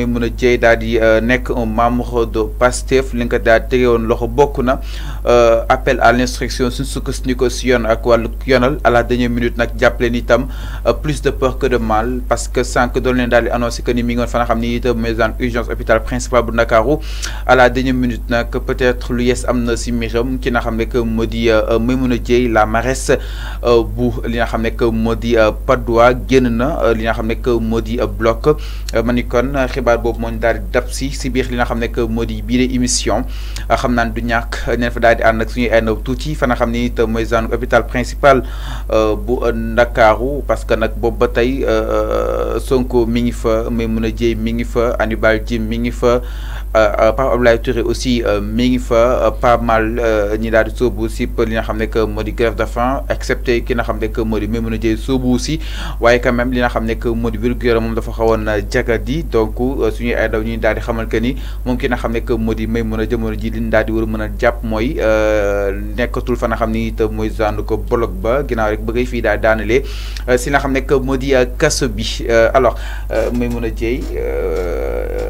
Maïmouna Dièye daal di euh, nekk un membre de PASTEF li nga ko daal appelle loxo bokk na euh, appel à l' instruction suñ sukkandiku si yoon ak wàllu yonal à la dernière minute nag jàppale ni itam euh, plus de peur que de mal parce que sànq doon leen daal di annoncé que ni mi ngi woon fa nga xam urgence hôpital principal bu à la dernière minute nag peut être lu yes am na si miram ki nga xam ne que moo di Maïmouna la maresse bu li nga xam ne que moo di génn na li nga xam ne que moo di bloc manikon. ni xibaar boobu moo ñu daal di dab si si biir li nga xam ne que moo di biir émission xam naan du ñàkk neen fa daal di ànd ak suñuy ay ndaw tuuti fa nga xam ni te mooy zone hôpital principal euh, bu Ndakaaru parce que nag boobu ba tey euh, Sonko mi ngi fa Maimouna Dièye mi ngi fa Hannibal Djim mi ngi fa. Euh, euh, Pape Abdoulaye Touré aussi euh, mi ngi fa pas mal ñi daal di sóobu si li nga xam ne que moo di grève de faim excepté ki na xam ne que moo di a Dièye sóobu si waaye quand même li nga xam ne que moo di wérgu yaram moom dafa xawoon jagadi donc suñuy ay daw ñuy daal di xamal que ni moom ki nga xam ne que moo di Maimouna jamono ji li ñu di war a mën a jàpp mooy nekkatul fa na xam ni te mooy zandu ko bloc ba ginnaaw rek bëgg bëggee fii daal daanalee si nga xam ne que moo di kaso bi alors Maimouna Dièye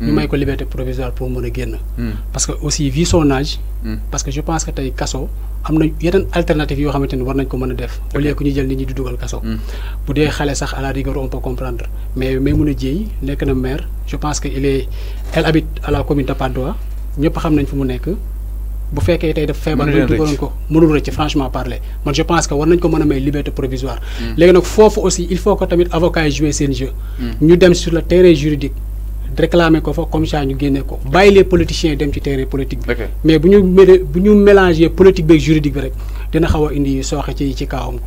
ñu hmm. may ko liberté provisoire pour mën a génn. Hmm. parce que aussi vu son âge. Hmm. parce que je pense que tey kaso am na yeneen alternative yoo xamante ni war nañ ko mën a def. au lieu que ñu jël nit ñi di dugal kaso. bu dee xale sax à la rigueur on peut comprendre mais Maimouna Dièye nekk na maire je pense que il est elle habite à la commune de Patte d'Oie ñëpp xam nañ fu mu nekk. bu fekkee tey dafa feebar ba dugaloon ko mënul rëcc franchement parler man je pense que war nañ ko mën a may liberté provisoire léegi nag foofu aussi il faut que tamit avocat yi jouer seen jeu ñu dem sur le terrain juridique réclamer ko fa comme ça ñu génne ko bàyyi les politiciens dem ci terrain politique bi mais buñu buñu mélanger politique beeg juridique bi rek dina xawa indi soxé ci ci kaawam ko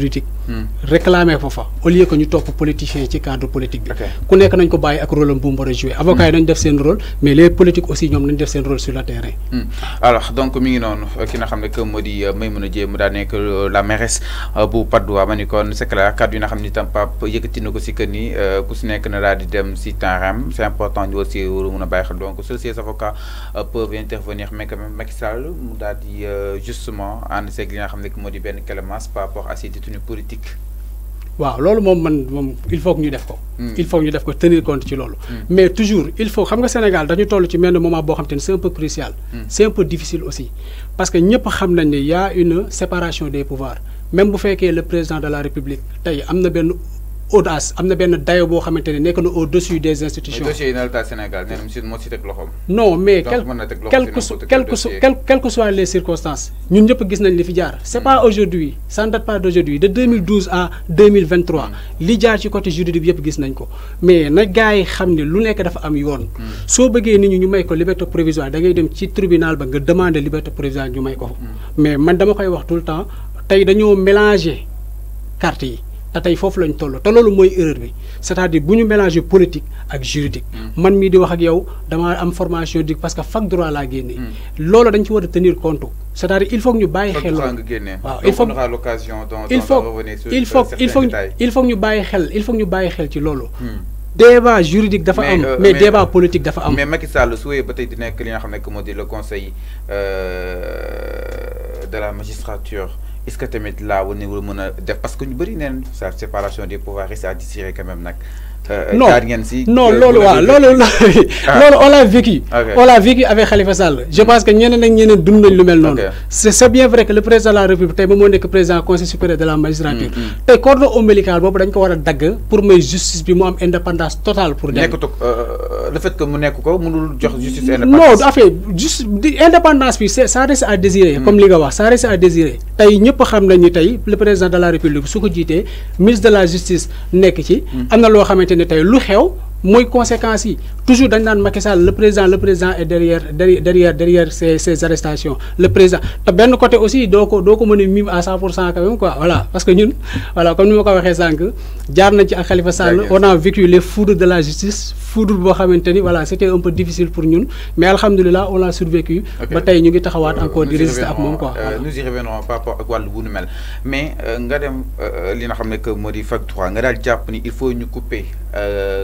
juridique. Hmm. réclamer ko fa au lieu que ñu top politiciens ci cadre politique bi. ku nekk nañ ko bàyyi ak rôle bu mu jouer hmm. avocat yi nañ def seen rôle mais les politiques aussi ñoom nañ def seen rôle sur le terrain. Hmm. alors donc mi ngi noonu ki nga xam ne que moo di euh, Maimouna Dieng mu daa nekk euh, la mairesse euh, bu Patte d'Oie ma ni kon c'est clair kàddu yi nga xam ni tam Pape yëkkati na ko si que ni ku si nekk na daal di dem si terrain c'est important ñu aussi war a mun a bàyyi xel donc seuls ces avocats peuvent intervenir mais quand même Macky Sall mu daal di justement en seeg li nga xam ne que moo di benn clémence par rapport à ces une politique waaw man il faut que nous def ko hmm. il faut que nous ko tenir compte ci loolu hmm. mais toujours il faut xam le Sénégal dañu toll ci moment c'est un peu crucial hmm. c'est un peu difficile aussi parce que nous xam nañ y a une séparation des pouvoirs même bu que le président de la République tey un peu audace amna ben dayo bo xamanteni ne na au dessus des institutions. dossier non mais quel quel quel que quel que soit les circonstances ñun ñep gis nañ li fi jaar. c'est hmm. pas aujourd'hui ça ne date pas d'aujourd'hui de 2012 à 2023 hmm. li jaar ci côté juridique yep gis nañ ko mais na gaay xamni lu nek dafa am yoon. Hmm. so beugé ni ñi ñu may ko liberté provisoire da ngay dem ci tribunal ba nga demander liberté provisoire ñu may ko. mais man dama koy wax tout le temps tay dañoo mélanger carte yi lañ c'est-à-dire que mélanger politique ak juridique. Mm. man di wax ak formation juridique parce que fac droit mm. dañ ci tenir compte. c'est-à-dire il faut que ñu baye xel. il faut il faut il faut il faut ñu baye xel il faut ñu xel ci mm. débat juridique dafa am euh, mais débat politique dafa mais Macky Sall ba di le conseil euh, de la magistrature est que parce que nous séparation des pouvoirs à quand même euh, euh, non non loolu waaw loolu loolu ah. on l'a vécu on l'a vécu avec Khalifa Sall je pense que ñeneen ak ñeneen dund nañ lu mel noonu c'est c'est bien vrai que le président de la république tey moom moo nekk président conseil supérieur de la magistrature mm, mm. tey cordon ombilical boobu dañ ko war a dagg pour may justice bi mu am indépendance totale pour dem euh, le fait que mu nekk ko mënul jox justice indépendance non affaire juste indépendance c'est ça reste à désirer mm. comme li nga wax ça reste à désirer tey ñëpp xam nañu tey le président de la république su ko ministre de la justice nekk ci am na loo xamante ne tey lu xew moy conséquences yi toujours dañ naan Macky Sall le président le président est derrière derrière derrière ces ces arrestations le président te benn côté aussi doo ko doo ko mën a mim à 100 pour cent quand même quoi voilà parce que ñun voilà comme ni ma ko waxee sànq jaar nañ ci ak Khalifa Sall on a vécu les foudres de la justice foudre boo xamante ni voilà c' était un peu difficile pour ñun mais alhamdulilah on a survécu ba tey ñu ngi taxawaat euh, encore di résister ak moom quoi euh, nous y revenons par rapport ak wàllu bu nu mel mais euh, nga dem li nga xam ne que moo di 3 nga daal jàpp ni il faut ñu couper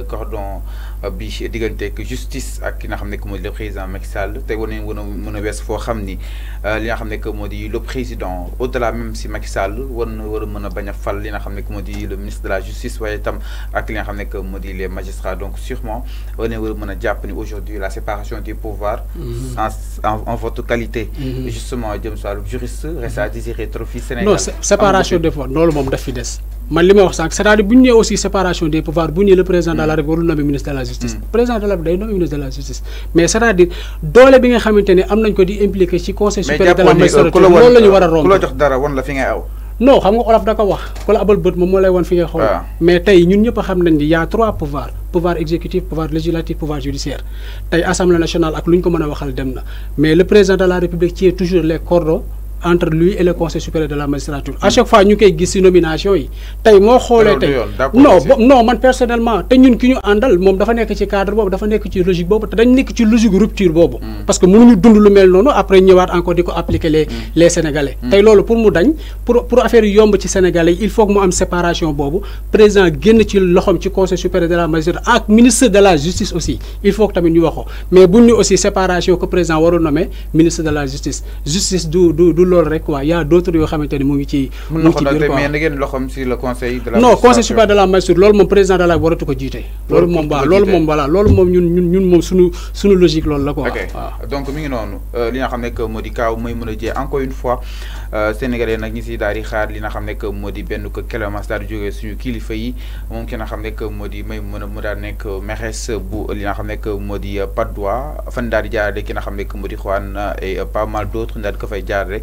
cordon relation euh, bi diggante justice ak ki nga xamné ne que le président Macky Sall té wane wana mëna wess fo foo euh, li nga xamné que moo le président au delà même si Macky Sall war wara mëna baña mën fal li nga xamné que moo le ministre de la justice waye tam ak li nga xamné que les magistrats donc sûrement war na mëna japp ni aujourd'hui la séparation des pouvoirs mm-hmm. en en votre qualité mm-hmm. justement jëm si juriste reste à désirer trop Sénégal non séparation des pouvoirs loolu mom da fi dess man li ma wax sànq c'est-à-dire bu ñu aussi séparation des pouvoirs bu ñu le président de la mm. République warul ministre de la justice. Mm. président de la République day nommer ministre de la justice. mais c'est-à-dire doole bi nga xamante ne am nañ ko di impliquer ci conseil supérieur de la euh, magistrature loolu la ñu war a romb ku la jox dara wan la fi ngay aw. non xam nga olof da ko wax ku la abal bët moom moo lay wan fi ngay xool. Ah. mais tey ñun ñëpp xam nañ ni y a trois pouvoirs. pouvoir exécutif pouvoir législatif pouvoir judiciaire tey assemblée nationale ak lu ñu ko mën a waxal dem na mais le président de la République ci est toujours les cordons entre lui et le conseil supérieur de la magistrature à chaque fois ñu koy gis ci nomination yi tay mo xolé non non man personnellement nous ñun ki ñu andal mom dafa nek ci cadre bobu dafa nek ci logique bobu dañ nek ci logique rupture bobu hmm. parce que nous dund lu mel non après ñëwaat encore diko appliquer les hmm. les sénégalais hmm. tay lolu pour mu dañ pour pour affaire yomb ci sénégalais il faut que mu am séparation bobu président génn ci loxom ci conseil supérieur de la magistrature ak ministre de la justice aussi il faut que tamit ñu waxo mais buñ ñu aussi séparation que président waru nommer ministre de la justice justice du du loolu rek quoi y' a d' autres yoo xamante ne mu ngi ci. mu ngi ci biir quoi mais na ngeen loxoom si le conseil de la. non conseil supérieur de la magistrature loolu moom président de la waratu ko jiite. loolu moom waaw loolu moom voilà loolu moom ñun ñun ñun moom suñu suñu logique loolu la quoi. ok donc mi ngi noonu euh, li nga xam ne moo di kaaw mooy mën a jiyee encore une fois euh, sénégalais nag ñi si daal di xaar li nga xam ne moo di benn Kelemas daal di jógee suñu kilifa yi moom ki nga xam ne moo di may mën a mu daal nekk mexes bu li nga xam ne moo di Patte fan daal di jaarale ki nga xam ne moo di Juan euh, et pas mal d'autres daal ko fay jaarale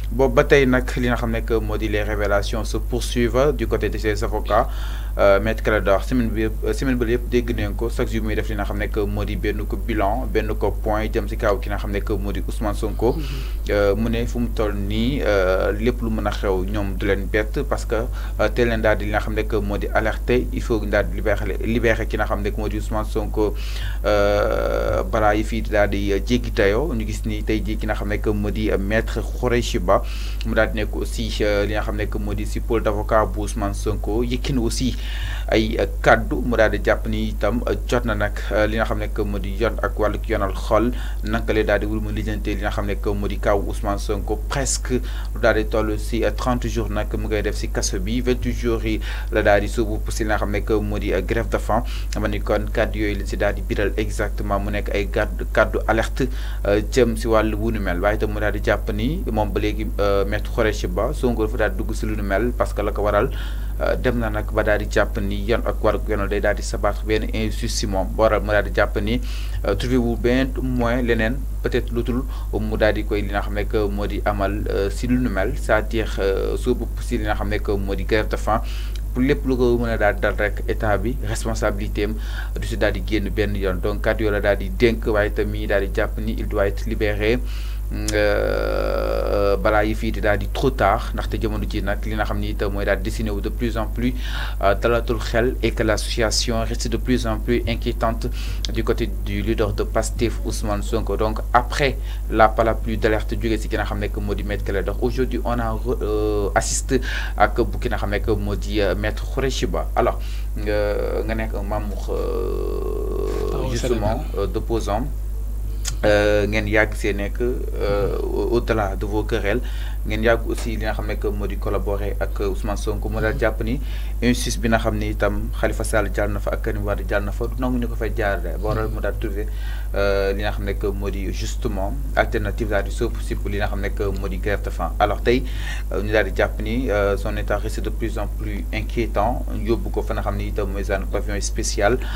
boobu ba tey nag li nga xam ne les révélations se poursuivent du côté de ses avocats euh, maître Clédor semaine bi yëpp euh, semaine bi yëpp dégg nañ ko chaque jour muy def li nga xam ne que moo di benn ko bilan benn ko point jëm si kaw ki nga xam ne que moo Ousmane Sonko. Mm-hmm. Euh, mu ne fu mu toll nii lépp lu mën xew ñoom du leen bett parce que teel leen daal di li nga que moo di alerté il faut daal di libéré libéré ki nga xam que moo Ousmane Sonko balaa yi fii daal di jéggi tayoo ñu gis ni tey jii ki nga xam que moo maître Khoureychi Ba mu daal di nekk aussi euh, li nga xam nekk moo di si pôle d'avocat bu Ousmane Sonko yëkkin aussi ay kaddu mu daal jàpp ni itam jot na nag euh, li nga xam nekk moo di yoon ak wàllu yoonal xol naka la daal wul mu lijjantee li nga xam nekk moo di kaw Ousmane Sonko presque lu daal di toll si 30 euh, jours nag mu ngay def si kaso bi 28 jours yi la daal di suubu si li nga xam nekk moo di grève de faim ma ni kon kaddu yooyu lañ si daal di biral exactement mu nekk ay kaddu kaddu alerte jëm si wàllu nu mel waaye itam mu daal di jàpp ni moom ba léegi Euh, maître Khoureyssi Ba Sonko dafa daal dugg si lu nu mel parce que la ko waral euh, dem na nag ba daal japp ni yon ak war yoonal day daal di sabaat benn injustice si moom ba waral mu daal di ni euh, trouvé wu ben moins lenen peut-être lutul mu daal koy li nga xam ne que amal ci lu nu mel c'est-à-dire soo bëpp si li nga xam ne que moo de fin pour lepp lu ko mën a daal dal rek état bi responsabilité am du ci daal di ben yon donc kàddu yo la daal di dénk waaye tamit japp ni il doit être libéré. Il euh, yi fi di trop tard il a ci de plus en plus euh, la xel et que l'association reste de plus en plus inquiétante du côté du leader de Pastef Ousmane Sonko donc après la à d'alerte du ci nga aujourd'hui on a euh, assiste à bu ki nga xam que maître Khoureyssi alors nga a un membre justement d'opposant euh, ngeen yàgg see nekk euh, au-delà de vos querelles ngeen yàgg aussi li nga xam que moo di collaborer ak Ousmane Sonko mu daal jàpp ni injustice bi nga xam ni Khalifa Sall jàll ak Karim Wade jàll na ñu ko fay jaarale bo waral mu daal euh li nga xamné que modi justement alternative daal di soo possible li nga xamné que modi grève de faim alors tay euh, ñu daal di jàpp ni son état reste de plus en plus inquiétant yóbbu ko fa nga xamné ni itam mooy zone pavillon spécial